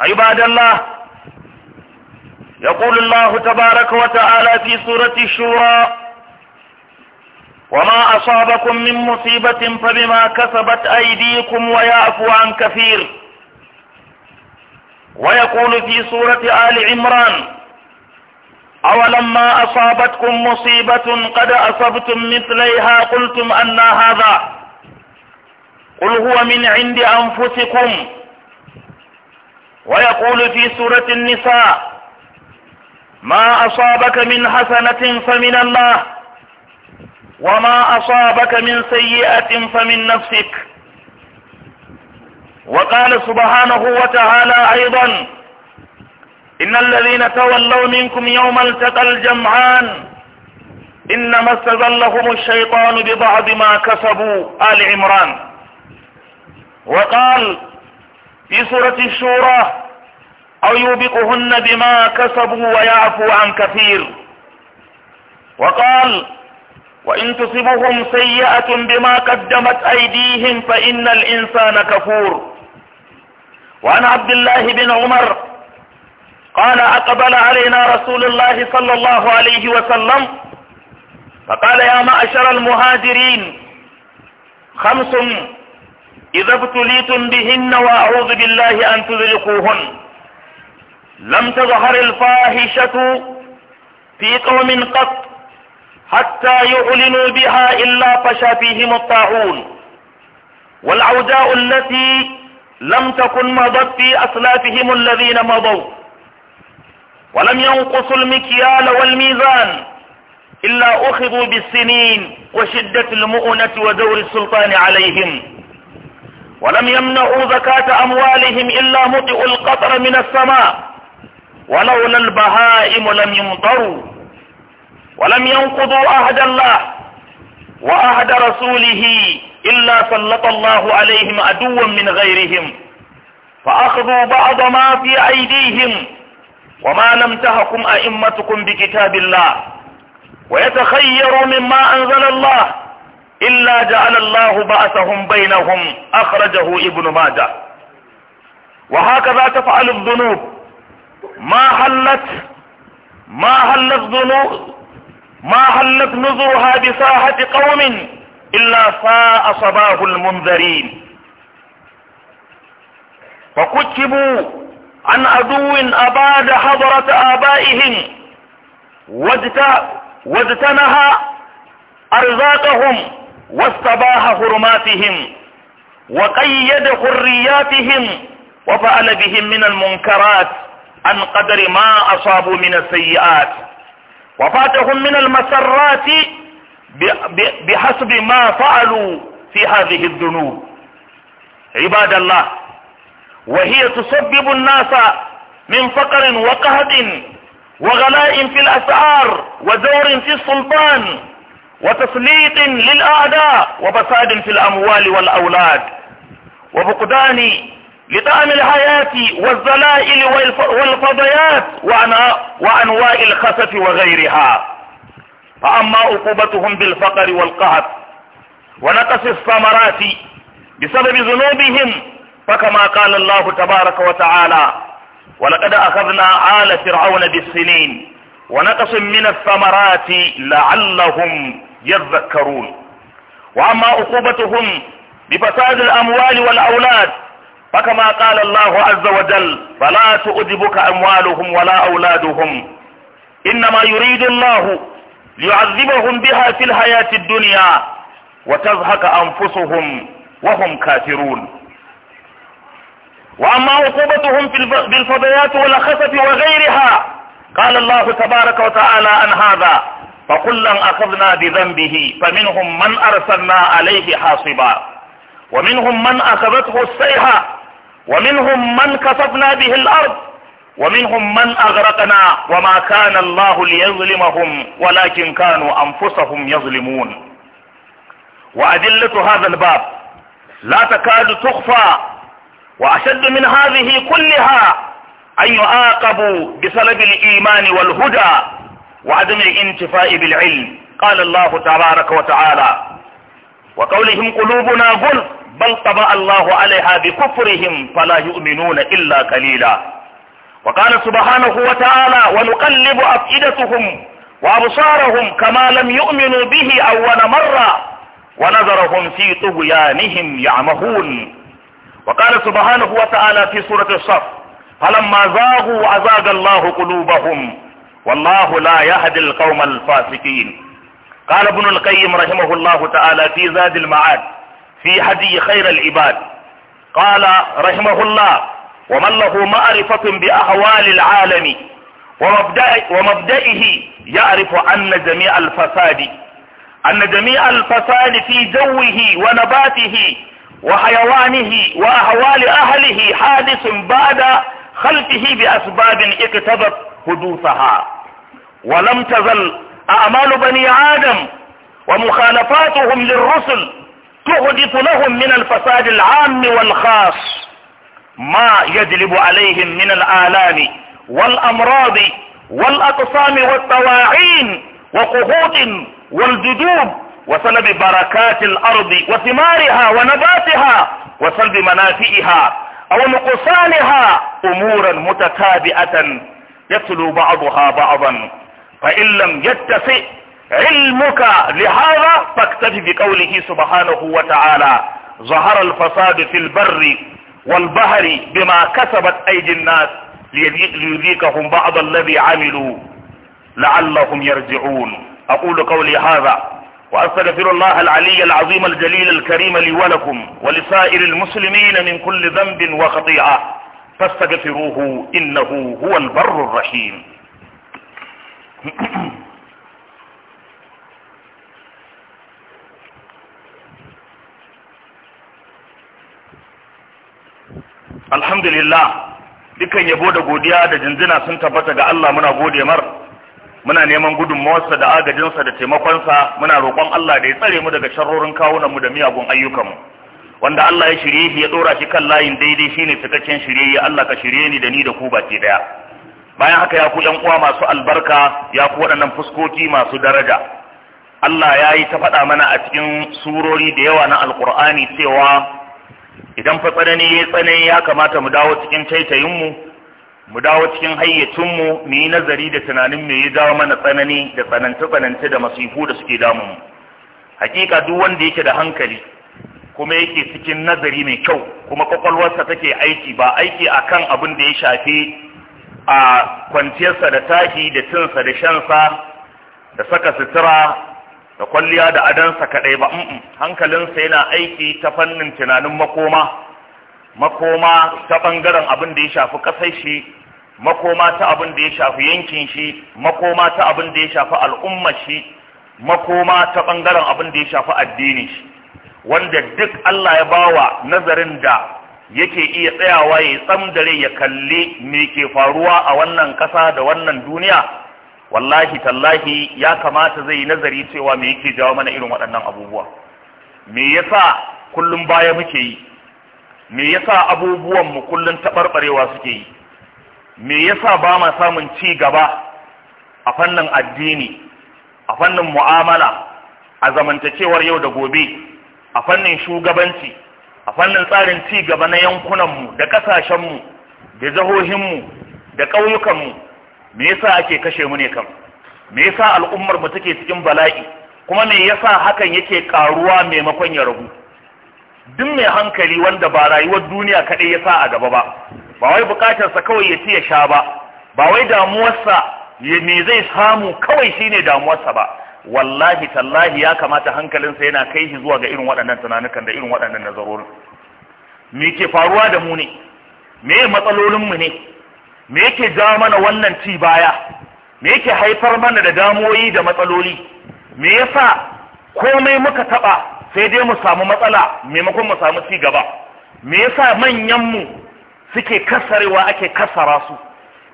عباد الله يقول الله تبارك وتعالى في سورة الشورى وما أصابكم من مصيبة فبما كسبت أيديكم ويعفو عن كثير ويقول في سورة آل عمران أولما أصابتكم مصيبة قد أصبتم مثليها قلتم أن هذا قل هو من عند أنفسكم ويقول في سورة النساء ما أصابك من حسنة فمن الله وما أصابك من سيئة فمن نفسك وقال سبحانه وتعالى أيضا إن الذين تولوا منكم يوم التقى الجمعان إنما استذلهم الشيطان ببعض ما كسبوا آل عمران وقال في سورة الشورى أو يوبقهن بما كسبوا ويعفو عن كثير وقال وإن تصبهم سيئة بما قدمت أيديهم فإن الإنسان كفور وعن عبد الله بن عمر قال أقبل علينا رسول الله صلى الله عليه وسلم فقال يا معشر المهاجرين خمس إذا ابتليتم بهن وأعوذ بالله أن تذلقوهن لم تظهر الفاحشة في قوم قط حتى يعلنوا بها إلا فشى فيهم الطاعون والعوداء التي لم تكن مضت في أسلافهم الذين مضوا ولم ينقصوا المكيال والميزان إلا أخذوا بالسنين وشدة المؤنة ودور السلطان عليهم ولم يمنعوا زكاة أموالهم إلا مطئ القطر من السماء ولولا البهائم لم يمطروا ولم ينقضوا عهد الله وعهد رسوله إلا سلط الله عليهم عدوا من غيرهم فأخذوا بعض ما في أيديهم وما لم تهكم أئمتكم بكتاب الله ويتخيروا مما أنزل الله إلا جعل الله بأسهم بينهم أخرجه ابن ماجه وهكذا تفعل الذنوب ما حلت ما حلت ذنوب ما حلت نذرها بساحة قوم إلا فاء صباه المنذرين فكتبوا عن عدو أباد حضرة آبائهم واجتنها أرزاقهم واستباح حرماتهم وقيد حرياتهم وفعل بهم من المنكرات عن قدر ما أصابوا من السيئات وفاتهم من المسرات بحسب ما فعلوا في هذه الذنوب عباد الله وهي تسبب الناس من فقر وقهد وغلاء في الأسعار وزور في السلطان وتسليط للأعداء وفساد في الأموال والأولاد وفقدان لطعم الحياة والزلائل والفضيات وأنواع الخسف وغيرها فأما عقوبتهم بالفقر والقهر ونقص الثمرات بسبب ذنوبهم فكما قال الله تبارك وتعالى ولقد أخذنا آل فرعون بالسنين ونقص من الثمرات لعلهم يذكرون وأما عقوبتهم بفساد الأموال والأولاد فكما قال الله عز وجل فلا تؤذبك أموالهم ولا أولادهم إنما يريد الله ليعذبهم بها في الحياة الدنيا وتزهق أنفسهم وهم كافرون وأما عقوبتهم بالفضيات والخسف وغيرها قال الله تبارك وتعالى عن هذا فكلا أخذنا بذنبه فمنهم من أرسلنا عليه حاصبا ومنهم من أخذته السيحة ومنهم من كسفنا به الأرض ومنهم من أغرقنا وما كان الله ليظلمهم ولكن كانوا أنفسهم يظلمون وأدلة هذا الباب لا تكاد تخفى وأشد من هذه كلها أن يعاقبوا بسبب الإيمان والهدى وعدم الانتفاء بالعلم قال الله تبارك وتعالى وقولهم قلوبنا غل بل طبع الله عليها بكفرهم فلا يؤمنون إلا قليلا وقال سبحانه وتعالى ونقلب أفئدتهم وأبصارهم كما لم يؤمنوا به أول مرة ونظرهم في طغيانهم يعمهون وقال سبحانه وتعالى في سورة الصف فلما زاغوا أزاغ الله قلوبهم والله لا يهدي القوم الفاسقين قال ابن القيم رحمه الله تعالى في زاد المعاد في هدي خير العباد قال رحمه الله ومن له معرفة بأحوال العالم ومبدئه يعرف أن جميع الفساد أن جميع الفساد في جوه ونباته وحيوانه وأحوال أهله حادث بعد خلقه بأسباب اقتضت حدوثها ولم تزل أعمال بني آدم ومخالفاتهم للرسل تحدث لهم من الفساد العام والخاص ما يجلب عليهم من الآلام والأمراض والأقسام والتواعين وقهوط والجدوب وسلب بركات الأرض وثمارها ونباتها وسلب منافئها أو نقصانها أمورا متتابعة يتلو بعضها بعضا فإن لم يتسع علمك لهذا فاكتفي بقوله سبحانه وتعالى ظهر الفساد في البر والبحر بما كسبت أيدي الناس ليذيقهم بعض الذي عملوا لعلهم يرجعون أقول قولي هذا وأستغفر الله العلي العظيم الجليل الكريم لي ولكم ولسائر المسلمين من كل ذنب وخطيئة فاستغفروه إنه هو البر الرحيم alhamdulillah dukan yabo da godiya da jinjina sun tabbata ga Allah muna gode mar muna neman gudunmawarsa da agajinsa da taimakonsa muna roƙon Allah da ya tsare mu daga sharrorin kawunan mu da miyagun ayyukanmu wanda Allah ya shirye shi ya dora shi kan layin daidai shine cikakken shirye ya Allah ka shirye ni da ni da ku baki daya bayan haka ya ku yan uwa masu albarka ya ku waɗannan fuskoki masu daraja Allah ya yi ta faɗa mana a cikin surori da yawa na alkur'ani cewa idan fa tsanani ya tsanani ya kamata mu dawo cikin taitayinmu mu dawo cikin hayyacinmu mu yi nazari da tunanin me ya dawo mana tsanani da tsananta tsananta da masifu da suke damun mu hakika duk wanda yake da hankali kuma yake cikin nazari mai kyau kuma kwakwalwarsa take aiki ba aiki akan abin da ya shafi a kwanciyarsa da tashi da cinsa da shansa da saka sutura da kwalliya da adansa kaɗai ba hankalinsa yana aiki ta fannin tunanin makoma makoma ta ɓangaren abin da ya shafi ƙasar shi makoma ta abin da ya shafi yankin shi makoma ta abin da ya shafi al'ummar shi makoma ta ɓangaren abin da ya shafi addinin shi wanda duk Allah ya bawa nazarin da yake iya tsayawa ya tsamdare ya kalli me ke faruwa a wannan ƙasa da wannan duniya wallahi tallahi ya kamata zai yi nazari cewa me yake jawo mana irin waɗannan abubuwa me yasa kullum baya muke yi me yasa abubuwan mu kullum taɓarɓarewa suke yi me yasa ba ma samun ci gaba a fannin addini a fannin mu'amala a zamantakewar yau da gobe a fannin shugabanci a fannin tsarin ci gaba na yankunanmu da ƙasashenmu da jihohinmu da ƙauyukanmu me yasa ake kashe mu ne kam me yasa al'ummar mu take cikin bala'i kuma me yasa hakan yake karuwa maimakon ya rabu? duk mai hankali wanda ba rayuwar duniya kaɗai ya sa a gaba ba ba wai sa kawai ya ci ya sha ba ba wai damuwarsa me zai samu kawai shine damuwarsa ba wallahi tallahi ya kamata hankalinsa yana kai shi zuwa ga irin waɗannan tunanukan da irin waɗannan nazarorin me ke faruwa da mu ne me matsalolinmu ne me yake ja mana wannan ci baya me yake haifar mana da damoyi da matsaloli me yasa komai muka taɓa sai dai mu samu matsala maimakon mu samu ci gaba me yasa manyanmu suke kasarewa ake kasara su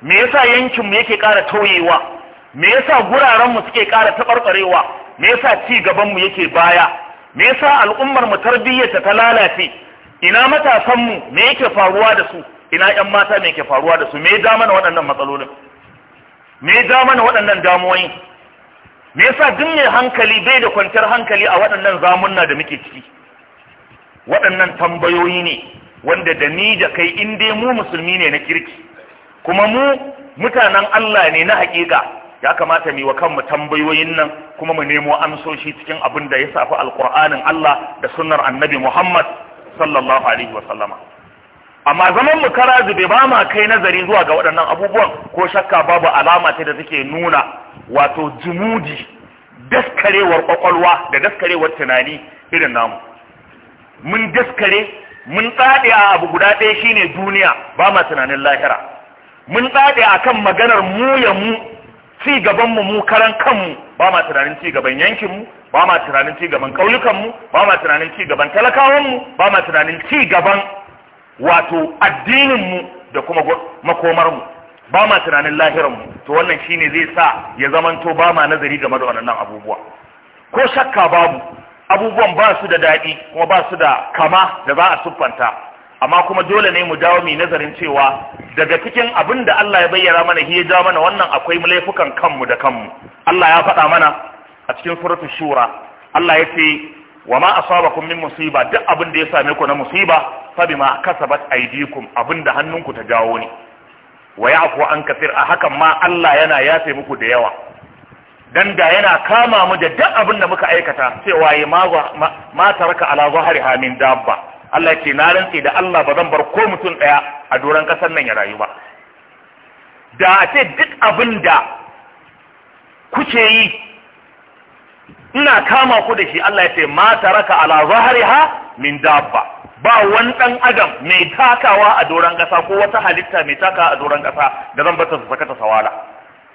me yasa yankinmu yake ƙara tauyewa me yasa guraren mu suke ƙara taɓarɓarewa me yasa ci gaban mu yake baya me yasa al'ummar mu tarbiyyata ta lalace ina matasan mu me yake faruwa da su ina ƴan mata me yake faruwa da su me ya mana waɗannan matsalolin me ya mana waɗannan damuwoyin me yasa duk mai hankali bai da kwanciyar hankali a waɗannan zamunna da muke ciki waɗannan tambayoyi ne wanda da ni da kai in dai mu musulmi ne na kirki kuma mu mutanen Allah ne na haƙiƙa ya kamata mu wa kanmu tambayoyin nan kuma mu nemo amsoshi cikin abin da ya safi alkur'anin Allah da sunnar annabi Muhammad sallallahu alaihi wa sallama amma zaman mu kara zube ba ma kai nazari zuwa ga waɗannan abubuwan ko shakka babu alama ta da take nuna wato jumudi daskarewar kwakwalwa da daskarewar tunani irin namu mun daskare mun tsade a abu guda ɗaya shine duniya ba ma tunanin lahira mun tsade akan maganar mu ya mu ci gaban mu mu karan kanmu ba ma tunanin ci gaban yankin mu ba ma tunanin ci gaban kauyukan mu ba ma tunanin ci gaban talakawan mu ba ma tunanin ci gaban wato addinin mu da kuma makomar mu ba ma tunanin lahiran to wannan shine zai sa ya zamanto ba ma nazari game da waɗannan abubuwa ko shakka babu abubuwan ba su da daɗi kuma ba su da kama da za a siffanta amma kuma dole ne mu dawo mu nazarin cewa daga cikin abin da Allah ya bayyana mana shi ya ja mana wannan akwai laifukan kanmu da kanmu Allah ya faɗa mana a cikin suratu shura Allah ya ce wa ma asabakum min musiba duk abin da ya same ku na musiba fa bima kasabat aydikum abin da hannunku ta jawo ne wa ya'fu an kafir a hakan ma Allah yana yafe muku da yawa dan da yana kama mu da duk abin da muka aikata cewa ya ma ma taraka ala ha min dabba Allah ce na rantse da Allah ba zan bar ko mutum ɗaya a doron ƙasar nan ya rayu ba da a ce duk abinda kuke yi ina kama ku da shi Allah ya ce ma taraka ala zahriha min dabba ba wani dan adam mai takawa a doron ƙasa ko wata halitta mai taka a doron ƙasa da zan bata su saka ta sawala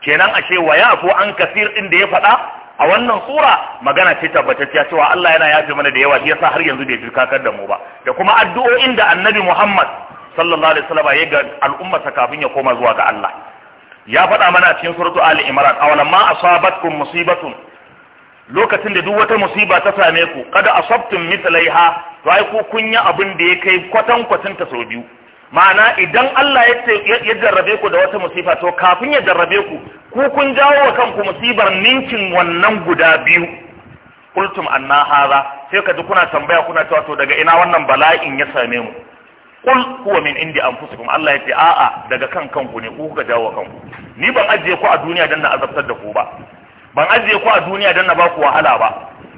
kenan ashe waya ko an kasir din da ya faɗa a wannan sura magana ce tabbatacciya cewa Allah yana yafe mana da yawa shi yasa har yanzu bai jirkakar da mu ba da kuma addu'o'in da Annabi Muhammad sallallahu alaihi wasallam ya ga al'umma kafin ya koma zuwa ga Allah ya faɗa mana a cikin suratu Ali Imran awalan ma asabatkum musibatun lokacin da duk wata musiba ta same ku kada asabtum mithlaiha to ai ku kun yi abin da ya kai kwatan ta sau biyu ma'ana idan Allah ya jarrabe ku da wata musifa to kafin ya jarrabe ku ku kun jawo wa kanku musibar ninkin wannan guda biyu kultum anna haza sai ka ji kuna tambaya kuna cewa to daga ina wannan bala'in ya same mu kul huwa min indi anfusikum Allah ya ce a'a daga kan kanku ne ku kuka jawo wa kanku ni ban ajiye ku a duniya dan na azabtar da ku ba ban ajiye ku a duniya dan na ba ku wahala ba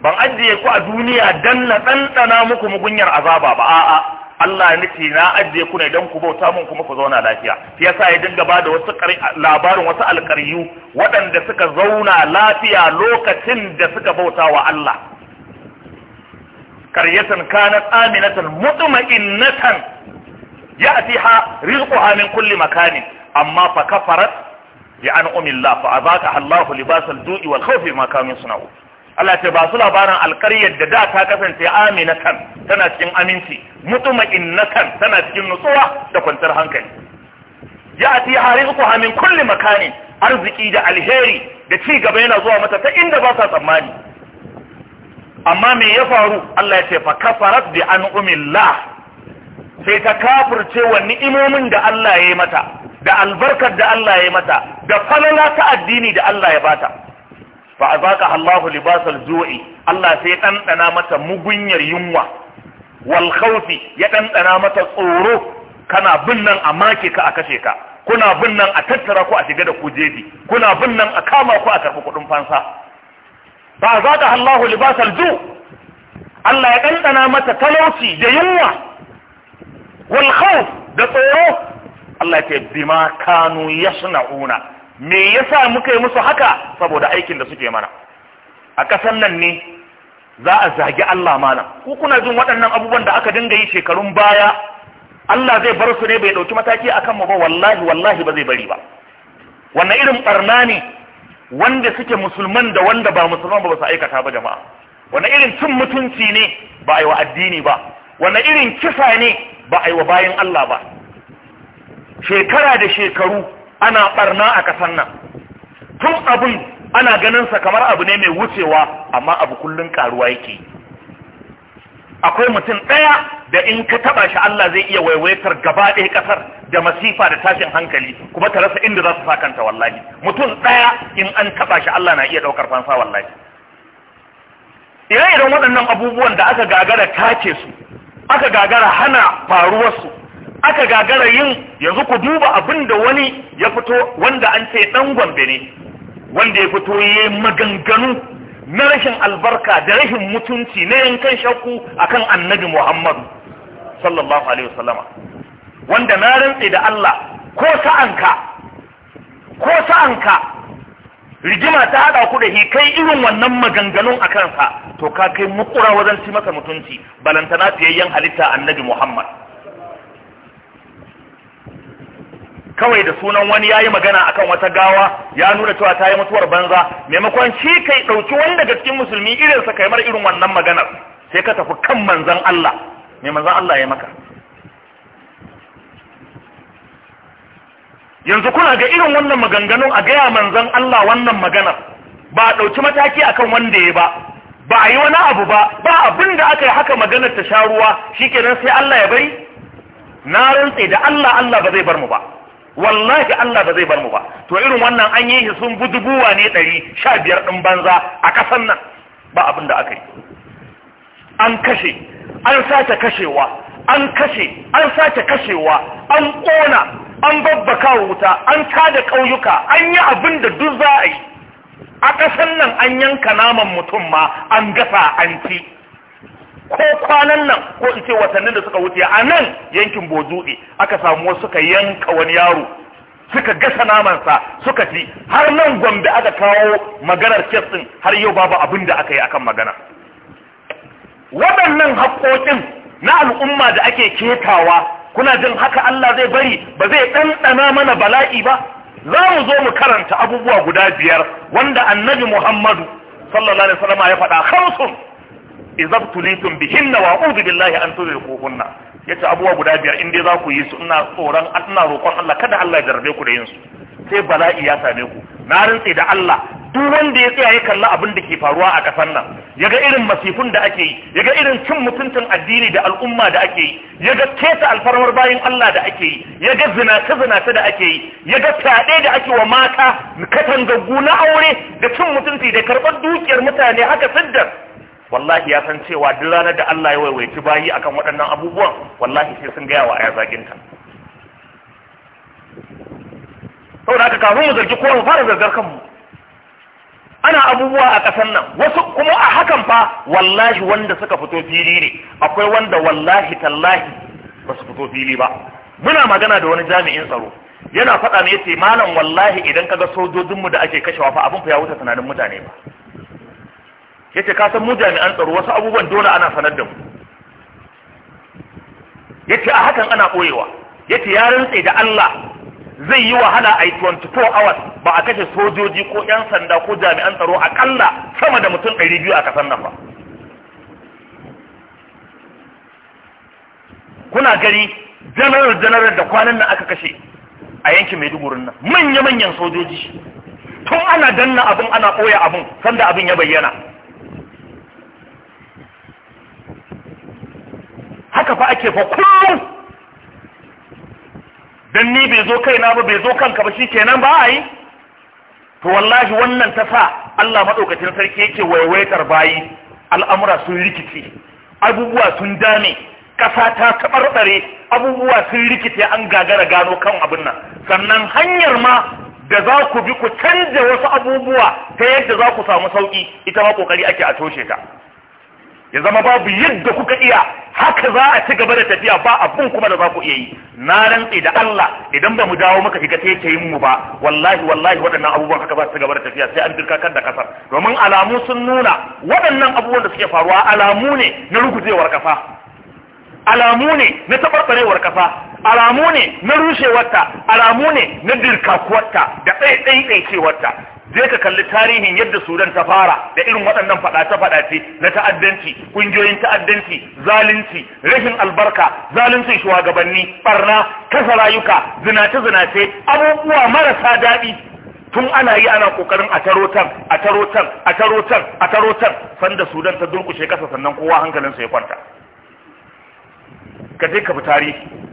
ban ajiye ku a duniya dan na dandana muku mugunyar azaba ba a'a Allah ya nufi na ajiye ku ne don ku bauta mun kuma ku zauna lafiya shi yasa ya dinga ba da wasu labarin wasu alƙaryu waɗanda suka zauna lafiya lokacin da suka bauta wa Allah qaryatan kanat aminatan mutma'innatan ya'tiha rizquha min kulli makanin amma fa kafarat bi an'amillah fa azaqaha Allahu libasal du'i wal khawfi ma kanu yasna'un Allah ce ba su labarin alƙaryar da da ta kasance kan tana cikin aminci mutuma'innatan tana cikin nutsuwa da kwantar hankali ya ati uku hamin kulli makani arziki da alheri da ci gaba yana zuwa mata ta inda ba sa tsammani amma me ya faru Allah ya ce fa kafarat bi an'umillah sai ta kafirce wa ni'imomin da Allah ya yi mata da albarkar da Allah ya yi mata da falala ta addini da Allah ya bata fa azaqaha Allahu libasal ju'i Allah sai ya dandana mata mugunyar yunwa wal khawfi ya dandana mata tsoro kana bin nan a make ka a kashe ka kuna bin nan a tattara ku a shiga da ku kuna bin nan a kama ku a karɓi kuɗin fansa fa azaqaha Allahu libasal zu. Allah ya dandana mata talauci da yunwa wal khawf da tsoro Allah ya ce bima kanu yasna'una me yasa muka yi musu haka saboda aikin da suke mana a kasan nan ne za a zagi Allah malam ku kuna jin waɗannan abubuwan da aka dinga yi shekarun baya Allah zai bar su ne bai ɗauki mataki a mu ba wallahi wallahi ba zai bari ba wannan irin barna ne wanda suke musulman da wanda ba musulman ba ba su aikata ba jama'a wannan irin cin mutunci ne ba a yi wa addini ba wannan irin kisa ne ba a yi wa bayan Allah ba shekara da shekaru ana barna a kasan nan tun abin ana ganin sa kamar abu ne mai wucewa amma abu kullun karuwa yake akwai mutum ɗaya da in ka taba shi Allah zai iya waiwaitar gaba ɗaya kasar da masifa da tashin hankali kuma ta rasa inda za su sakanta wallahi mutum ɗaya in an taba shi Allah na iya ɗaukar fansa wallahi ire-iren waɗannan abubuwan da aka gagara take su aka gagara hana faruwarsu aka gagara yin yanzu ku duba abin da wani ya fito wanda an ce dan gombe ne wanda ya fito ya maganganu na rashin albarka da rashin mutunci na yankan shakku akan annabi muhammadu sallallahu alaihi wasallama wanda na rantsi da Allah ko sa'anka ko sa'anka rigima ta hada ku da kai irin wannan maganganun a kansa to ka kai mukura wajen ci masa mutunci balantana fiyayyen halitta annabi muhammad kawai da sunan wani yayi magana akan wata gawa ya nuna cewa ta yi mutuwar banza maimakon shi kai dauki wani daga cikin musulmi irin sa kai mar irin wannan maganar sai ka tafi kan manzon Allah mai manzon Allah ya maka yanzu kuna ga irin wannan maganganun a gaya manzan Allah wannan maganar ba a ɗauki mataki akan wanda ya ba ba a yi wani abu ba ba abin da aka yi haka maganar ta sha ruwa shi shikenan sai Allah ya bari na rantse da Allah Allah ba zai bar mu ba wallahi Allah ba zai bar mu ba to irin wannan an yi shi sun budubuwa ne ɗari sha banza a kasan nan ba abin da aka yi an kashe an sace kashewa an kashe an sace kashewa an ƙona an babbaka wuta an tada ƙauyuka an yi abin da duk za a yi a ƙasan nan an yanka naman mutum ma an gasa an ci ko kwanan nan ko in ce watannin da suka wuce a nan yankin bozuɗe aka samu wasu suka yanka wani yaro suka gasa namansa suka ci har nan gombe aka kawo maganar kes ɗin har yau babu abin da aka yi akan magana waɗannan haƙoƙin na al'umma da ake ketawa kuna jin haka Allah zai bari ba zai ɗanɗana mana bala'i ba za mu zo mu karanta abubuwa guda biyar wanda annabi Muhammadu sallallahu alaihi wasallam ya faɗa hamsin idza tulitum bihinna wa a'udhu billahi an tudriquhunna yace abuwa guda biyar in dai za ku yi su ina tsoron ina roƙon Allah kada Allah ya jarrabe ku da yin su sai bala'i ya same ku na rantse da Allah duk wanda ya tsaya ya kalla abin da ke faruwa a kasar nan yaga irin masifun da ake yi yaga irin cin mutuncin addini da al'umma da ake yi yaga keta alfarmar bayin Allah da ake yi yaga zinace zinace da ake yi yaga fyaɗe da ake wa mata katangaggu na aure da cin mutunci da karɓar dukiyar mutane haka siddar wallahi ya san cewa duk ranar da Allah ya waiwaiti bayi akan waɗannan abubuwan wallahi sai sun gaya wa aya zaginta da aka kafin mu zargi kowa mu fara zargar kanmu ana abubuwa a ƙasar nan wasu kuma a hakan fa wallahi wanda suka fito fili ne akwai wanda wallahi tallahi ba su fito fili ba muna magana da wani jami'in tsaro yana faɗa ne ce, malam wallahi idan kaga sojojinmu da ake kashewa fa abin fa ya wuce tunanin mutane ba yace ka san mu jami'an tsaro wasu abubuwan dole ana sanar da mu yace a hakan ana boyewa yace ya rantse da Allah zai yi wahala a 24 hours ba a kashe sojoji ko yan sanda ko jami'an tsaro a akalla sama da mutum 200 a kasan nan ba kuna gari general general da kwanan nan aka kashe a yankin Maiduguri nan manya-manyan sojoji tun ana danna abin ana ɓoye abin sanda abin ya bayyana haka fa ake fa kullum dan ni bai zo kaina ba bai zo kanka ba shi kenan ba ai to wallahi wannan ta sa Allah madaukakin sarki yake waiwaitar bayi al'amura sun rikice abubuwa sun dame ƙasa ta taɓarɓare abubuwa sun rikice an gagara gano kan abin nan sannan hanyar ma da za ku bi ku canja wasu abubuwa ta yadda za ku samu sauƙi ita ma ƙoƙari ake a toshe ta ya zama babu yadda kuka iya haka za a ci gaba da tafiya ba abun kuma da za ku iya yi na rantse da Allah idan ba mu dawo maka shiga yin mu ba wallahi wallahi waɗannan abubuwan haka ba su gaba da tafiya sai an kan da kasar domin alamu sun nuna waɗannan abubuwan da suke faruwa alamu ne na rugujewar kafa alamu ne na tabarbarewar kasa alamu ne na rushewarta alamu ne na dirkakuwarta da ɗaiɗaiɗaicewarta je ka kalli tarihin yadda sudan ta fara da irin waɗannan faɗace-faɗace na ta'addanci ƙungiyoyin ta'addanci zalunci rashin albarka zaluncin shugabanni barna kasa rayuka zinace-zinace abubuwa marasa daɗi tun ana yi ana ƙoƙarin a tarotan a tarotan a tarotan a tarotan sanda sudan ta durƙushe kasa sannan kowa hankalinsa ya kwanta ka je ka bi tarihi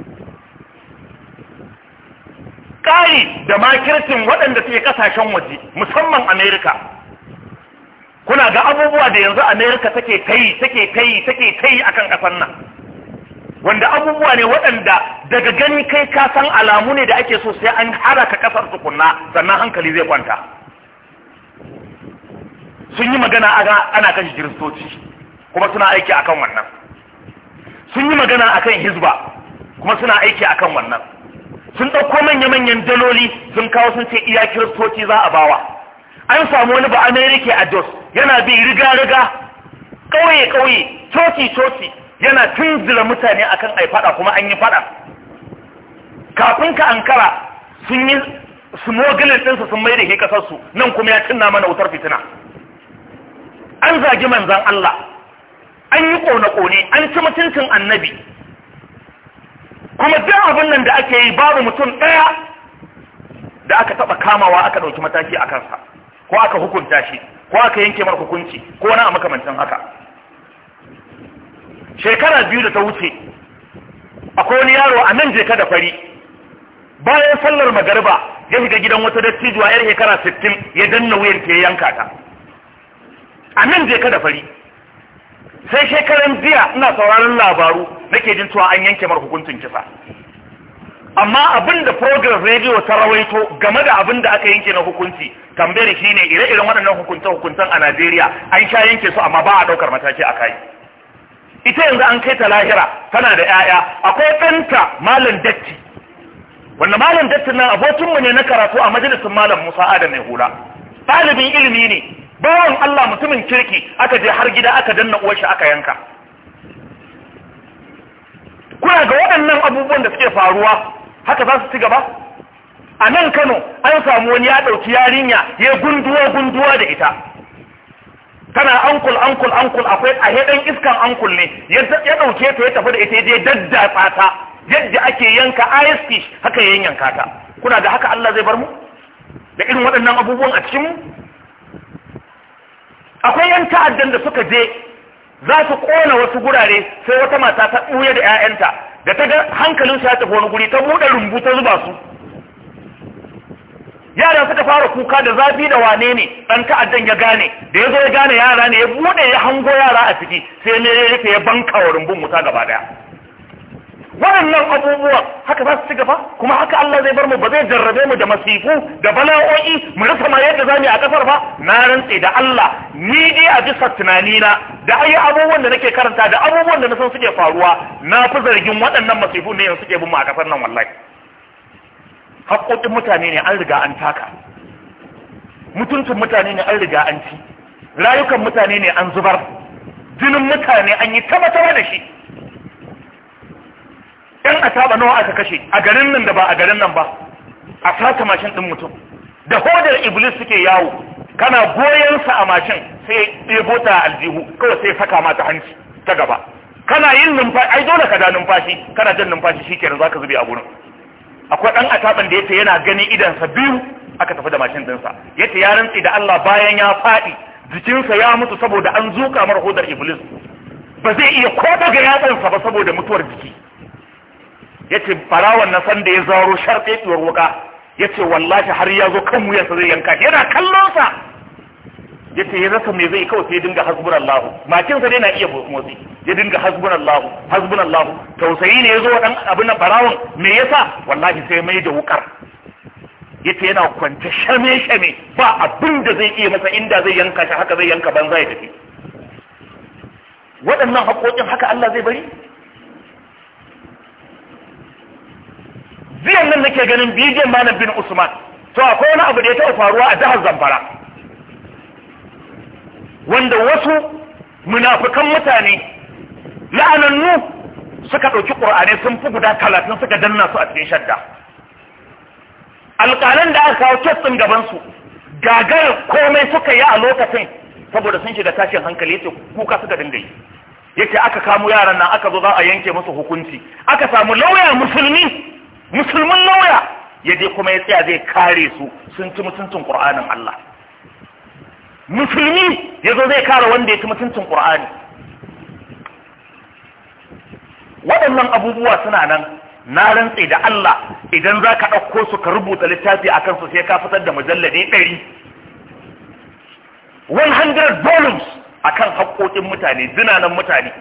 ƙari da makircin waɗanda suke kasashen waje musamman amerika kuna ga abubuwa da yanzu amerika take kai take kai take kai akan ƙasar nan wanda abubuwa ne waɗanda daga gani kai ka san alamu ne da ake so sai an haraka ƙasar tukunna sannan hankali zai kwanta sun yi magana ana kan kiristoci kuma suna aiki akan wannan sun yi magana akan hizba kuma suna aiki akan wannan sun ɗauko manya-manyan daloli sun kawo sun ce iya kiristoci za a bawa an samu wani ba amerika a Jos, yana bi riga-riga ƙauye-ƙauye coci-coci yana tun zira mutane akan kan aifada kuma an yi fada kafin ka an ankara sun yi smogilin ɗinsa sun mai da ke ƙasarsu nan kuma ya cinna mana wutar fitina an zagi manzan Allah an yi ƙone-ƙone an ci mutuncin annabi kuma duk abin nan da ake yi babu mutum ɗaya da aka taɓa kamawa aka ɗauki mataki a kansa ko aka hukunta shi ko aka yanke mar hukunci ko wani a makamancin haka shekara biyu da ta wuce akwai wani yaro a nan jeka da fari bayan sallar magarba ya shiga gidan wata dattijuwa yar shekara sittin ya danna wuyan ke yanka ta a nan jeka da fari sai shekaran jiya ina sauraron labaru nake jin cewa an yanke mar hukuncin kisa amma abin da program radio ta rawaito game da abin da aka yanke na hukunci tambayar shine ire-iren waɗannan hukunce-hukuncen a Najeriya an sha yanke su amma ba a ɗaukar mataki a kai ita yanzu an kai ta lahira tana da 'ya'ya akwai ɗanta malam datti wanda malam datti nan mu ne na karatu a majalisin malam Musa Adam mai hula ɗalibin ilimi ne bawan Allah mutumin kirki aka je har gida aka danna uwar shi aka yanka kuna ga waɗannan abubuwan da suke faruwa haka za su ci gaba a nan kano an samu wani ya ɗauki yarinya ya gunduwa-gunduwa da ita tana ankul ankul ankul akwai a hedan iskan ankul ne ya ɗauke ta ya tafi da ita je daddatsa ta yadda ake yanka isp haka ya yanka ta kuna ga haka allah zai bar mu da irin waɗannan abubuwan a cikinmu akwai yan ta'addan da suka je za su kona wasu gurare sai wata mata ta ɓuya da 'ya'yanta da ta ga hankalin su ya tafi wani guri ta buɗe rumbu ta zuba su yara suka fara kuka da zafi da wane ne ɗan ta'addan ya gane da ya zo ya gane yara ne ya buɗe ya hango yara a ciki sai ne ya rufe ya banka wa rumbun wuta gaba ɗaya waɗannan abubuwa haka za su ci gaba kuma haka Allah zai bar mu ba zai jarrabe mu da masifu da bala'o'i mu rasa ma yadda yi a ƙasar ba na rantse da Allah ni dai a bisa tunanina da ayi abubuwan da nake karanta da abubuwan da na san suke faruwa na fi zargin waɗannan masifu ne yanzu suke bin mu a ƙasar nan wallahi haƙoƙin mutane ne an riga an taka mutuntun mutane ne an riga an ci rayukan mutane ne an zubar jinin mutane an yi tabbatar da shi yan ataba nawa aka kashe a garin nan da ba a garin nan ba a sata mashin ɗin mutum da hodar iblis suke yawo kana goyon sa a mashin sai ɗebo ta aljihu kawai sai saka mata hanci ta gaba kana yin numfashi ai dole ka da numfashi kana jan numfashi shi shikenan zaka zube a gurin akwai ɗan ataban da yace yana gani idansa biyu aka tafi da mashin dinsa yace ya rantsi da Allah bayan ya faɗi jikinsa ya mutu saboda an zuƙa mar hodar iblis ba zai iya ko daga yatsansa ba saboda mutuwar jiki yace farawan na sanda ya zaro sharfefiyar wuka yace wallahi har ya zo kan wuyarsa zai yanka yana kallon sa yace ya rasa me zai kawai sai dinga hasbunallahu makin sa dai na iya motsi ya dinga hasbun hasbunallahu tausayi ne yazo dan abin na barawon me yasa wallahi sai mai da wukar yace yana kwance shame shame ba abin da zai iya masa inda zai yanka shi haka zai yanka banza ya tafi waɗannan haƙoƙin haka Allah zai bari biyan nan nake ganin bidiyon malam bin usman to akwai wani abu da ya taɓa faruwa a jihar zamfara wanda wasu munafukan mutane la'anannu suka ɗauki ƙur'ani sun fi guda talatin suka danna su a cikin shadda alƙalan da aka kawo ɗin gabansu gagar komai suka yi a lokacin saboda sun shiga tashin hankali yace kuka suka dinga yi yace aka kamo yaran nan aka zo za a yanke musu hukunci aka samu lauya musulmi musulmin lauya ya je kuma ya tsaya zai kare su sun ci mutuncin ƙur'anin Allah musulmi ya zo zai kare wanda ya ci mutuncin ƙur'ani waɗannan abubuwa suna nan na rantse da Allah idan za ka ɗauko su ka rubuta littafi a kansu sai ka fitar da mujallade ɗari 100 volumes a kan haƙoƙin mutane zinanan mutane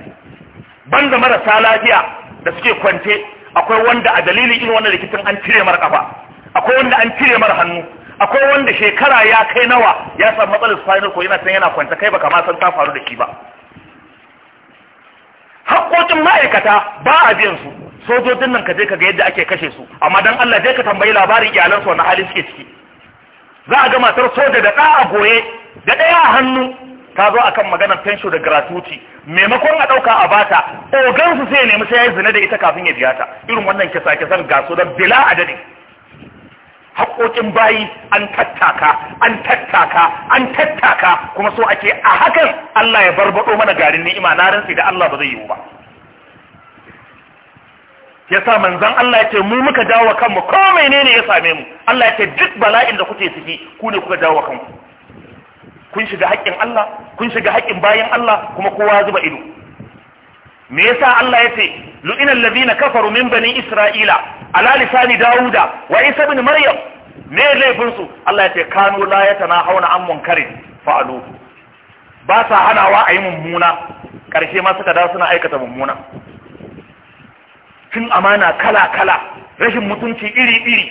banda marasa lafiya da suke kwance akwai wanda a dalilin irin wannan rikicin an cire mara kafa akwai wanda an cire mara hannu akwai wanda shekara ya kai nawa ya samu matsalar spinal ko yana san yana kwanta kai baka ma san ta faru da shi ba haƙoƙin ma'aikata ba a biyan su sojojin nan ka je ka ga yadda ake kashe su amma dan Allah je ka tambayi labarin iyalan su wannan hali suke ciki za a ga matar soja da ɗa a goye da ɗaya a hannu ta zo akan maganar pension da gratuity maimakon a ɗauka a bata ogansu sai nemi sai ya zina da ita kafin ya biya ta irin wannan kisa kisan ga su da bila adadin haƙoƙin bayi an tattaka an tattaka an tattaka kuma so ake a hakan Allah ya barbaɗo mana garin ni'ima na rantsi da Allah ba zai yi ba Ya sa manzan Allah ya ce mu muka dawo kanmu ko menene ya same mu Allah ya ce duk bala'in da kuke ciki ku ne kuka dawo kanku kun shiga haƙƙin Allah kun shiga haƙƙin bayan Allah kuma kowa zuba ido me yasa Allah ya ce lu'inal ladina kafaru min bani isra'ila ala lisani dauda wa isa ibn maryam me laifin su Allah ya ce kanu la hauna an munkarin fa'alu ba sa hanawa a yi mummuna karshe ma suka dawo suna aikata mummuna cin amana kala kala rashin mutunci iri iri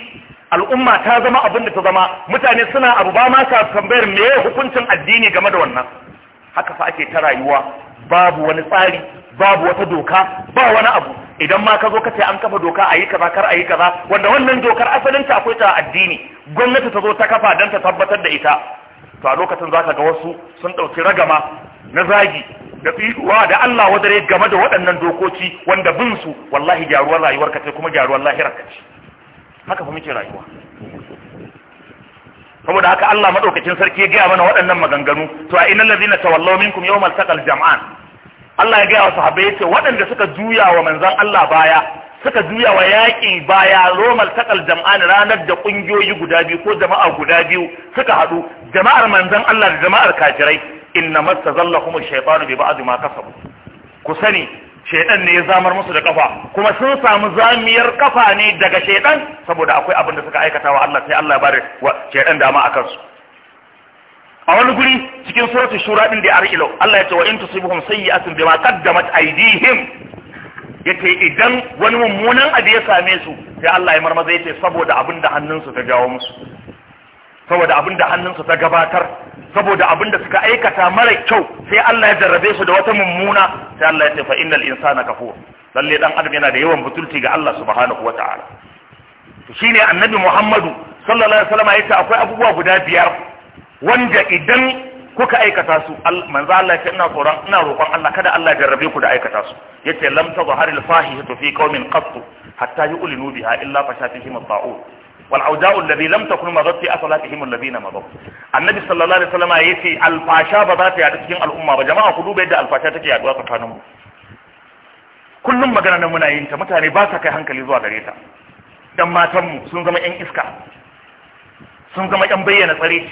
al'umma ta zama abin da ta zama mutane suna abu ba ma sa tambayar me hukuncin addini game da wannan haka fa ake ta rayuwa babu wani tsari babu wata doka ba wani abu idan ma ka zo ka ce an kafa doka a yi kaza kar a yi kaza wanda wannan dokar asalin ta akwai ta addini gwamnati ta zo ta kafa dan ta tabbatar da ita to a lokacin za ka ga wasu sun ɗauki ragama na zagi da tsiruwa da Allah wadare game da waɗannan dokoki wanda bin su wallahi gyaruwar rayuwar ka ce kuma gyaruwar lahirar ka ce haka fa muke rayuwa saboda haka Allah madaukakin sarki ya gaya mana waɗannan maganganu to a innal ladina tawallaw minkum yawmal taqal jam'an Allah ya gaya wa sahabbai yace waɗanda suka juya wa manzon Allah baya suka juya wa yaƙi baya romal taqal jam'an ranar da kungiyoyi guda biyu ko jama'a guda biyu suka haɗu jama'ar manzon Allah da jama'ar kafirai inna mastazallahum ash-shaytanu bi ba'd ma kasabu ku sani shaidan ne ya zamar musu da kafa kuma sun samu zamiyar kafa ne daga shaidan saboda akwai abin da suka aikata wa Allah sai Allah ya bare wa shaidan dama akan su a wani guri cikin suratul shura din da ya ilo, Allah ya ce wa in tusibuhum sayyi'atun bima qaddamat aydihim yace idan wani mummunan abu ya same su sai Allah ya marmaza yace saboda abin da hannunsu ta jawo musu saboda abin hannunsu ta gabatar saboda abin da suka aikata mara kyau sai Allah ya jarrabe su da wata mummuna sai Allah ya ce fa innal insana kafur lalle dan adam yana da yawan butulci ga Allah subhanahu wataala to shine annabi Muhammadu sallallahu alaihi wasallam yace akwai abubuwa guda biyar wanda idan kuka aikata su manzo Allah ya ina tsoron ina roƙon Allah kada Allah ya jarrabe ku da aikata su yace lam tazharil fahihatu fi qaumin qattu hatta yu'linu biha illa fashafihim at-ta'un wal auja'u alladhi lam takun madat fi aslatihim alladhina madat annabi sallallahu alaihi wasallam yace alfasha ba za ta yadu cikin al'umma ba jama'a ku duba yadda alfasha take yaduwa tsakanin mu kullum magana nan muna yin ta mutane ba sa kai hankali zuwa gare ta dan mu sun zama ƴan iska sun zama yan bayyana tsare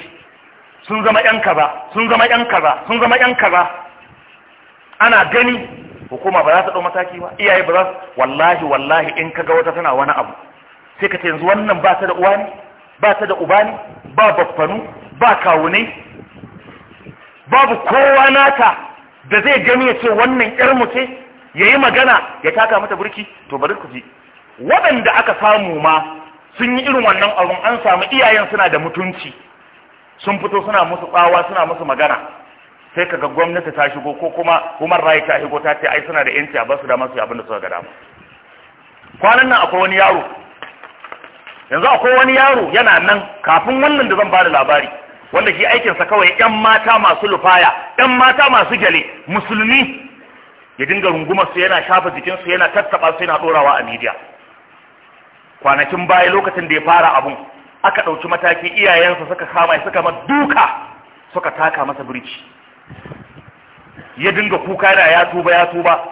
sun zama ƴan kaza sun zama ƴan kaza sun zama ƴan kaza ana gani hukuma ba za ta dau mataki ba iyaye ba za su wallahi wallahi in kaga wata tana wani abu sai ka ce yanzu wannan ba ta da uwa ne ba ta da uba ne ba baffanu ba kawunai, babu kowa nata da zai gani ya ce wannan yar mu ce ya yi magana ya taka mata burki to bari ku ji waɗanda aka samu ma sun yi irin wannan abun an samu iyayen suna da mutunci sun fito suna musu tsawa suna musu magana sai kaga gwamnati ta shigo ko kuma human rights ta shigo ta ce ai suna da yanci a basu da masu abin da suka ga dama kwanan nan akwai wani yaro yanzu akwai wani yaro yana nan kafin wannan da zan ba da labari wanda shi aikinsa kawai yan mata masu lufaya yan mata masu gyale musulmi ya dinga rungumar su yana shafa jikin su yana tattaba su yana dorawa a media kwanakin baya lokacin da ya fara abun aka ɗauki mataki iyayensa suka kama suka ma duka suka taka masa birki ya dinga kuka da ya tuba ya tuba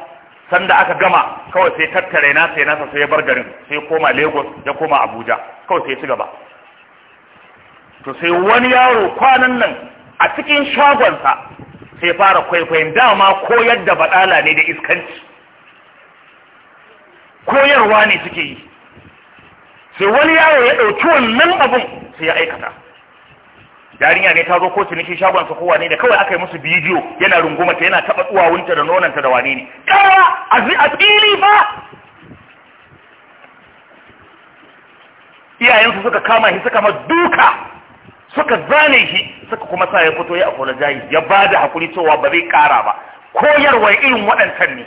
sanda aka gama kawai sai tattare na sai nasa sai ya bar garin sai koma Lagos ya koma Abuja kawai sai ci gaba to sai wani yaro kwanan nan a cikin shagonsa sai fara kwaikwayon dama koyar da badala ne da iskanci koyarwa ne suke yi sai wani yaro ya ɗauki wannan abun sai ya aikata yarinya ne ta zo ko ciniki shagon sa kowa ne da kawai aka yi musu bidiyo yana runguma ta yana taba uwawunta da nonanta da wane ne kara a fili fa iyayensu suka kama shi suka ma duka suka zane shi suka kuma sa ya fito ya apologize ya ba da hakuri cewa ba zai kara ba koyarwa irin waɗancan ne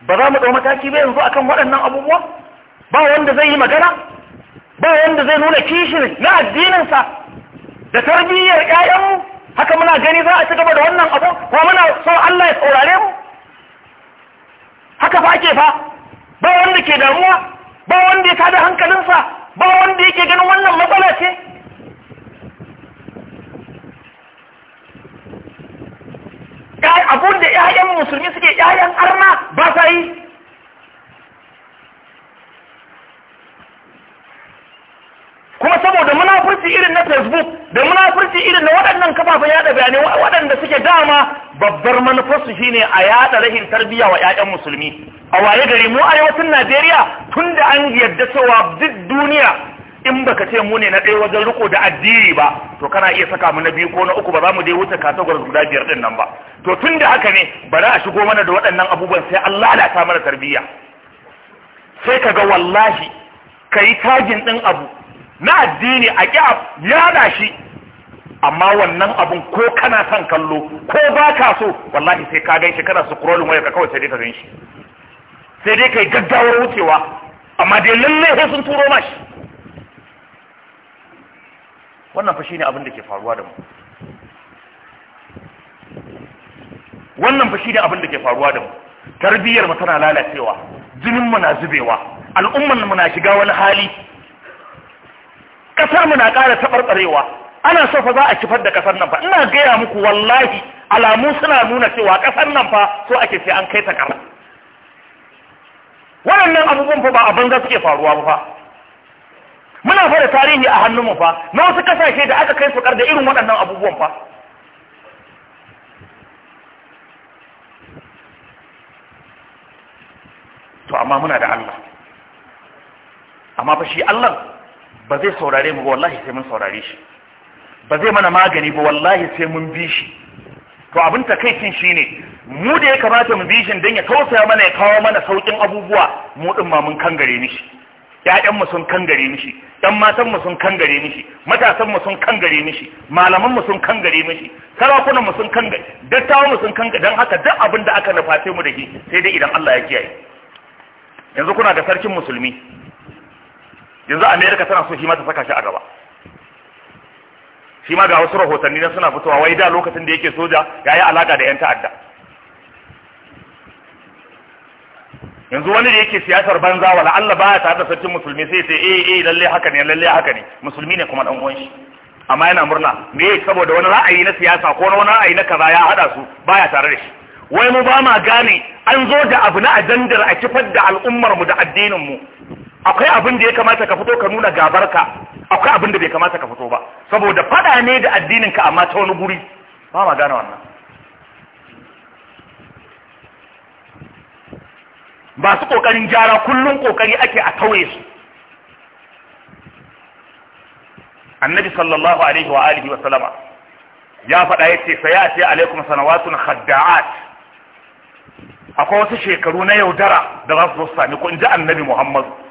ba za mu ɗau mataki ba yanzu akan waɗannan abubuwa ba wanda zai yi magana ba wanda zai nuna kishin na addininsa da tarbiyyar ƴaƴanmu haka muna gani za a ci gaba da wannan abu ko muna so Allah ya saurare mu haka fa ake fa ba wanda ke damuwa ba wanda ya tada hankalinsa ba wanda yake ganin wannan matsala ce abun da ƴaƴan musulmi suke ƴaƴan arna ba sa yi kuma saboda munafurci irin na facebook da munafurci irin na waɗannan kafafen yada bayanai waɗanda suke dama babbar manufarsu shine a yada rahin tarbiyya wa 'ya'yan musulmi a waye gari mu arewacin najeriya Tunda an yarda cewa duk duniya in baka ce mu ne na ɗaya wajen riko da addini ba to kana iya saka mu na biyu ko na uku ba za mu dai wuce kasagwar guda biyar ɗin nan ba to tun da haka ne bari a shigo mana da waɗannan abubuwan sai an lalata mana tarbiyya sai ka ga wallahi ka yi tajin ɗin abu na addini a ƙi yada shi amma wannan abun ko kana son kallo ko ba ka so wallahi sai ka gan shi kana scrolling waya ka kawai sai dai ka gan shi sai dai ka yi gaggawar wucewa amma dai lalle sai sun turo mashi wannan fa shine abin da ke faruwa da mu wannan fa shine abin da ke faruwa da mu tarbiyyar mu tana lalacewa jinin mu na zubewa al'ummar mu na shiga wani hali ƙasar mu na ƙara taɓarɓarewa ana so fa za a kifar da ƙasar nan fa ina gaya muku wallahi alamu suna nuna cewa ƙasar nan fa so ake sai an kai ta ƙara waɗannan abubuwan fa ba a banza suke faruwa ba fa muna fara tarihi a hannun mu fa na wasu kasashe da aka kai su ƙar da irin waɗannan abubuwan fa to amma muna da Allah amma fa shi Allah ba zai saurare mu ba wallahi sai mun saurare shi ba zai mana magani ba wallahi sai mun bi shi to abin takaicin ne, mu da ya kamata mu bi shi don ya tausaya mana ya kawo mana sauƙin abubuwa mu ɗin ma mun kangare mishi ƴaƴan mu sun kangare mishi ƴan matan mu sun kangare mishi matasan mu sun kangare mishi malaman mu sun kangare mishi sarakunan mu sun kangare dattawan mu sun kangare don haka duk abin da aka nufa mu da shi sai dai idan Allah ya kiyaye yanzu kuna da sarkin musulmi yanzu america tana so shi ma ta saka shi a gaba shi ma ga wasu rahotanni na suna fitowa wai da lokacin da yake soja ya yi alaka da 'yan ta'adda yanzu wani da yake siyasar banza wala Allah baya tare da sarkin musulmi sai sai eh eh lalle haka ne lalle haka ne musulmi ne kuma dan uwan shi amma yana murna me saboda wani ra'ayi na siyasa ko wani ra'ayi na kaza ya hada su baya tare da shi wai mu ba ma gane an zo da abu na ajandar a kifar da al'ummar mu da addinin mu akwai abin da ya kamata ka fito ka nuna gabarka akwai abin da bai kamata ka fito ba saboda fada ne da addinin ka amma ta wani guri ba ma gane wannan ba su kokarin gyara kullum kokari ake a tauye su annabi sallallahu alaihi wa alihi wa sallama ya faɗa yace sayati alaikum sanawatun khadda'at akwai wasu shekaru na yaudara da za su zo sami ko in ji annabi muhammadu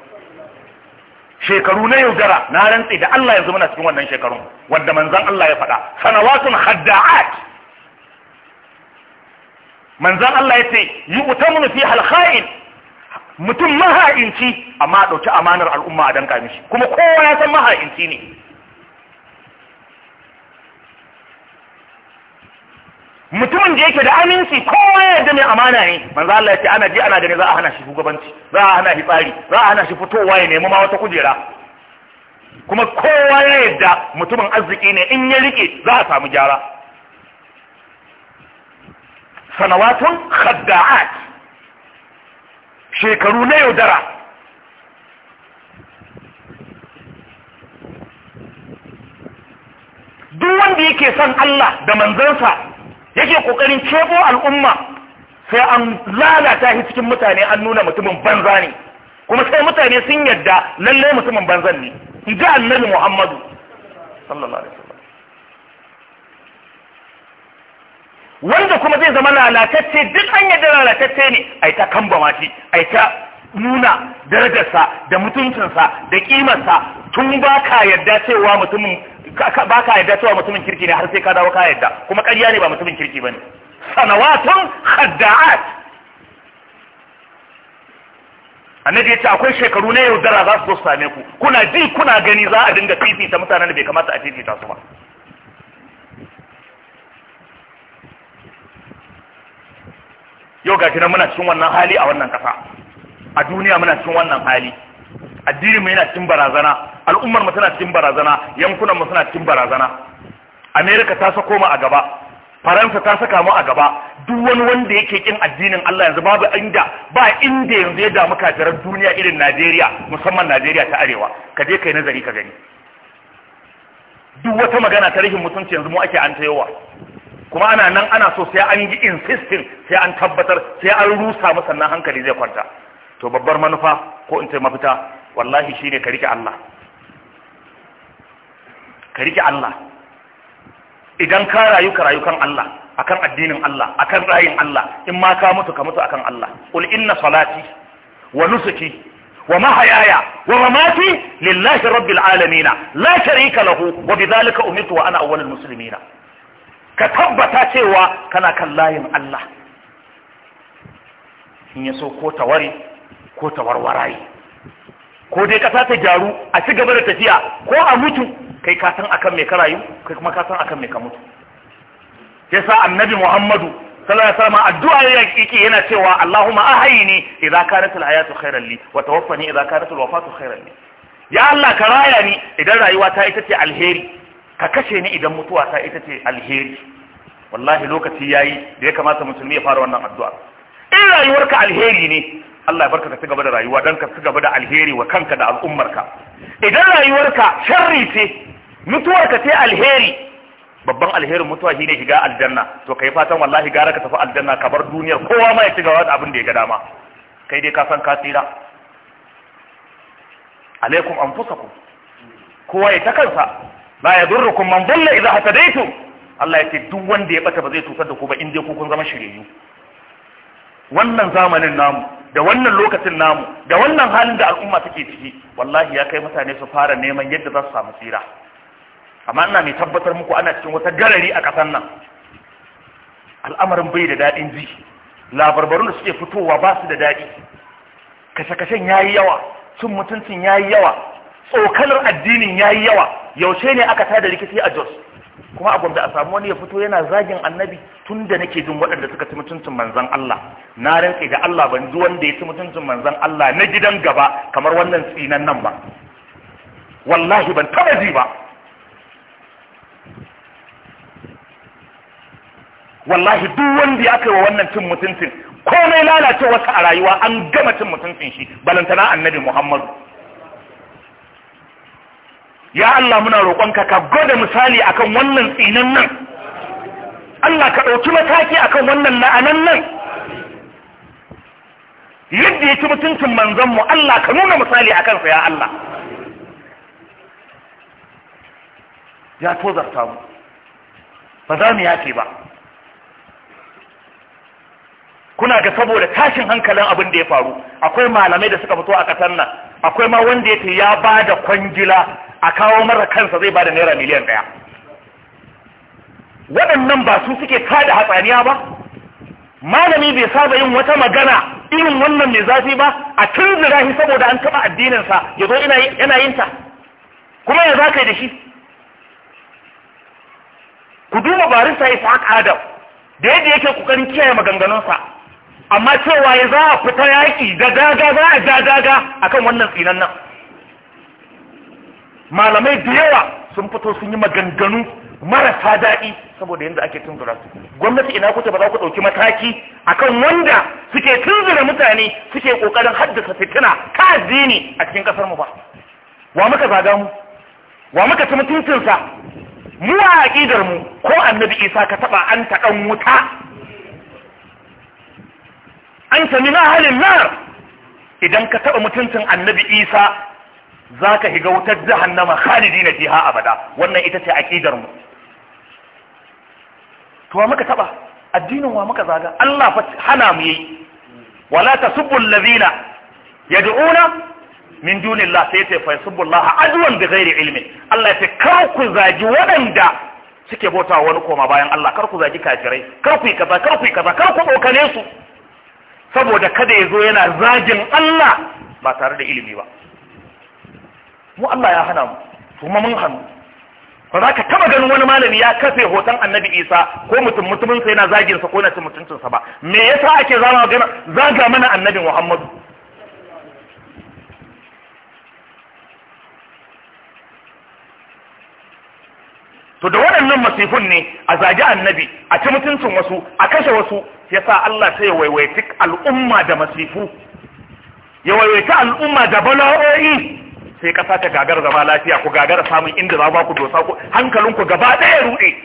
shekaru na yaudara na rantse da Allah yanzu muna cikin wannan shekarun wanda manzan Allah ya faɗa sanawatun hadda'at manzon Allah ya ce yi utamunu fi halkha'in mutum maha'inci amma ɗauki amanar al'umma a danka mishi kuma kowa ya san maha'inci ne mutumin da yake da aminci kowa ya yarda mai amana ne manzo Allah ya ce ana ji ana gani za a hana shi za a hana shi tsari za a hana shi fitowa ya nemi ma wata kujera kuma kowa ya yarda mutumin arziki ne in ya rike za a samu gyara sanawatun khadda'at shekaru na yaudara duk wanda yake son Allah da manzansa yake kokarin cebo al'umma sai an lalata shi cikin mutane an nuna mutumin banza ne kuma sai mutane sun yadda lalle mutumin banzan ne in ji annabi muhammadu sallallahu alaihi wasallam wanda kuma zai zama lalatacce duk an yadda lalatacce ne ai ta kambama shi ai ta nuna darajarsa da mutuncinsa da kimarsa tun ba ka yadda cewa mutumin ba ka yadda cewa mutumin kirki ne har sai ka dawo ka yadda kuma ƙarya ne ba mutumin kirki ba ne sanawatun haddaat annabi ya ce akwai shekaru na yaudara za su zo su same ku kuna ji kuna gani za a dinga fifita mutanen da bai kamata a fifita su ba yau ga nan muna cikin wannan hali a wannan kasa a duniya muna cikin wannan hali addinin mu yana cikin barazana al'ummar mu tana cikin barazana yankunan mu suna cikin barazana america ta sako mu a gaba faransa ta saka mu a gaba duk wani wanda yake kin addinin Allah yanzu babu inda ba inda yanzu ya damu kafirar duniya irin Najeriya musamman Najeriya ta arewa ka je kai nazari ka gani duk wata magana ta rihin mutunci yanzu mu ake an yawa kuma ana nan ana so sai an yi insisting sai an tabbatar sai an rusa mu sannan hankali zai kwanta to babbar manufa ko in ce mafita wallahi shine ka rike Allah ka rike Allah idan ka rayu ka rayu kan Allah akan addinin Allah akan rayin Allah in ma ka mutu ka mutu akan Allah qul inna salati wa nusuki wa mahayaya wa mamati lillahi rabbil alamin la sharika lahu wa bidhalika umitu wa ana awwalul muslimin ka tabbata cewa kana kan layin Allah in yaso ko tawari ko tawarwarai ko dai ƙasa ta gyaru a ci gaba da tafiya ko a mutu kai ka san akan me ka rayu kai kuma ka san akan me ka mutu yasa annabi Muhammadu sallallahu alaihi wasallam addu'a yake yana cewa Allahumma ahayni idza kanat alhayatu khairan li wa tawaffani idza kanat alwafatu khairan li ya Allah ka raya ni idan rayuwa ta ita ce alheri ka kashe ni idan mutuwa ta ita ce alheri wallahi lokaci yayi da ya kamata musulmi ya fara wannan addu'a in rayuwarka alheri ne Allah ya barka ka ci gaba da rayuwa don ka ci gaba da alheri wa kanka da al'ummarka idan rayuwarka sharri ce mutuwarka ce alheri babban alherin mutuwa shine shiga aljanna to kai fatan wallahi gara ka tafi aljanna ka bar duniyar kowa ma ya ci gaba da abin da ya ga dama kai dai ka san ka tsira alaikum anfusakum kowa ya ta kansa la yadurrukum man dhalla idha hatadaytum Allah ya ce duk wanda ya bata ba zai tutar da ku ba in dai ku kun zama shiryayyu wannan zamanin namu da wannan lokacin namu da wannan halin da al'umma take ciki wallahi ya kai mutane su fara neman yadda za su samu tsira amma ina mai tabbatar muku ana cikin wata garari a ƙasar nan al'amarin bai da daɗin ji labarbarun da suke fitowa ba su da daɗi kashe-kashen ya yi yawa cin mutuncin ya yi yawa tsokanar addinin ya yi yawa yaushe ne aka tada rikici a jos kuma abin da a samu wani ya fito yana zagin annabi tun da nake jin waɗanda suka ci mutuncin manzan Allah na rantse da Allah ban ji wanda ya ci mutuncin manzan Allah na gidan gaba kamar wannan tsinan nan ba wallahi ban taɓa ji ba wallahi duk wanda ya kai wa wannan cin mutuncin komai lalacewa a rayuwa an gama cin mutuncin shi balantana annabi Muhammadu ya Allah muna roƙonka ka gwada misali akan wannan tsinan nan Allah ka ɗauki mataki akan wannan la'anan nan yadda ya ci mutuncin manzanmu Allah ka nuna misali akan sa ya Allah ya tozarta mu ba za mu yace ba kuna ga saboda tashin hankalin abin da ya faru akwai malamai da suka fito a ƙasar nan akwai ma wanda ya ya ba da kwangila a kawo mara kansa zai ba da naira miliyan ɗaya waɗannan ba su suke kada hatsaniya ba malami bai saba yin wata magana irin wannan mai zafi ba a tun zirahi saboda an taɓa addininsa ya zo yana yin ta kuma ya za ka yi da shi ku duba ya isa adam da yadda yake kokarin kiyaye maganganunsa amma cewa ya za a fita yaƙi da daga za a ja daga a kan wannan tsinan nan malamai da yawa sun fito sun yi maganganu marasa daɗi saboda yadda ake tunzura su gwamnati ina kuce ba za ku ɗauki mataki a kan wanda suke tunzura mutane suke ƙoƙarin haddasa fitina ka addini a cikin ƙasar mu ba wa muka zaga mu wa muka ci mutuncinsa mu a aƙidar mu ko annabi isa ka taɓa an taɓa wuta anta na halin nar idan ka taba mutuncin annabi Isa zaka higa wutar jahannama na fiha abada wannan ita ce aqidar mu to wa muka taɓa addinin wa muka zaga Allah fa hana mu yi wala tasubbu alladhina yad'una min dunillah sai ta fa yasubbu Allah adwan bi ghairi ilmi Allah ta kar ku zaji waɗanda suke bauta wani koma bayan Allah kar ku zaji kafirai kar ku yi kaza kar ku yi kaza kar ku dokane su saboda kada ya zo yana zagin Allah ba tare da ilimi ba mu Allah ya hana mu kuma mun hannu ba za ka taba ganin wani malami ya kafe hoton annabi isa ko mutum mutuminsa yana zaginsa ko yana cin mutuncin ba me yasa ake zama zaga mana annabin muhammadu to da waɗannan masifun ne a zagi annabi a ci mutuncin wasu a kashe wasu ya sa Allah sai ya waiwaiti al'umma da masifu ya waiwaiti al'umma da bala'o'i sai kasa ta gagar zama lafiya ku gagar samun inda za ku dosa ku hankalinku gaba ɗaya ruɗe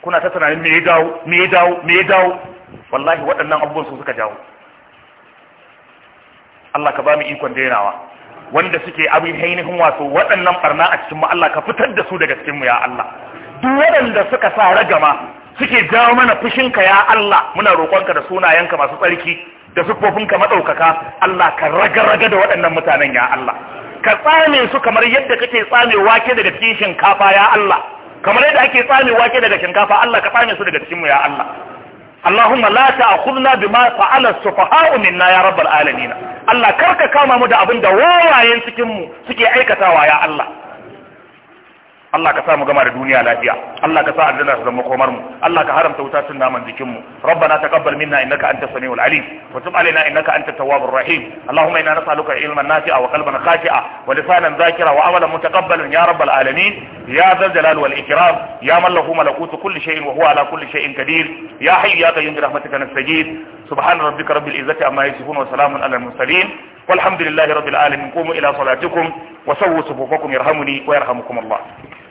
kuna ta tunanin me ya dawo me ya dawo me ya dawo wallahi waɗannan abubuwan su suka jawo Allah ka ba mu ikon dainawa wanda suke abin hainihin wato waɗannan barna a cikin Allah ka fitar da su daga cikinmu ya Allah waɗanda suka sa ragama suke jawo mana fushinka ya Allah muna roƙonka da sunayenka masu tsarki da siffofinka maɗaukaka Allah ka raga-raga da waɗannan mutanen ya Allah ka tsame su kamar yadda kake tsame wake daga cikin shinkafa ya Allah kamar yadda ake tsame wake daga shinkafa Allah ka tsame su daga cikin mu ya Allah Allahumma la ta'khudna bima fa'ala as-sufaha'u minna ya rabbal alamin Allah karka kama mu da abin da wawayen cikin mu suke aikatawa ya Allah Allah ka sa mu gama da duniya lafiya Allah ka sa aljanna ta zama komar mu Allah ka haramta wuta tun naman jikin mu rabbana taqabbal minna innaka antas samiul alim wa tub alaina innaka antat tawwabur rahim allahumma inna nas'aluka ilman nafi'a wa qalban khashi'a wa lisanan zakira wa amalan mutaqabbalan ya rabbal alamin ya dhal jalal wal ikram ya man lahu malakut kulli shay'in wa huwa ala kulli shay'in qadir ya hayyu ya qayyum bi rahmatika nastajib سبحان ربك رب العزة عما يصفون وسلام على المرسلين والحمد لله رب العالمين قوموا إلى صلاتكم وسووا صفوفكم يرحمني ويرحمكم الله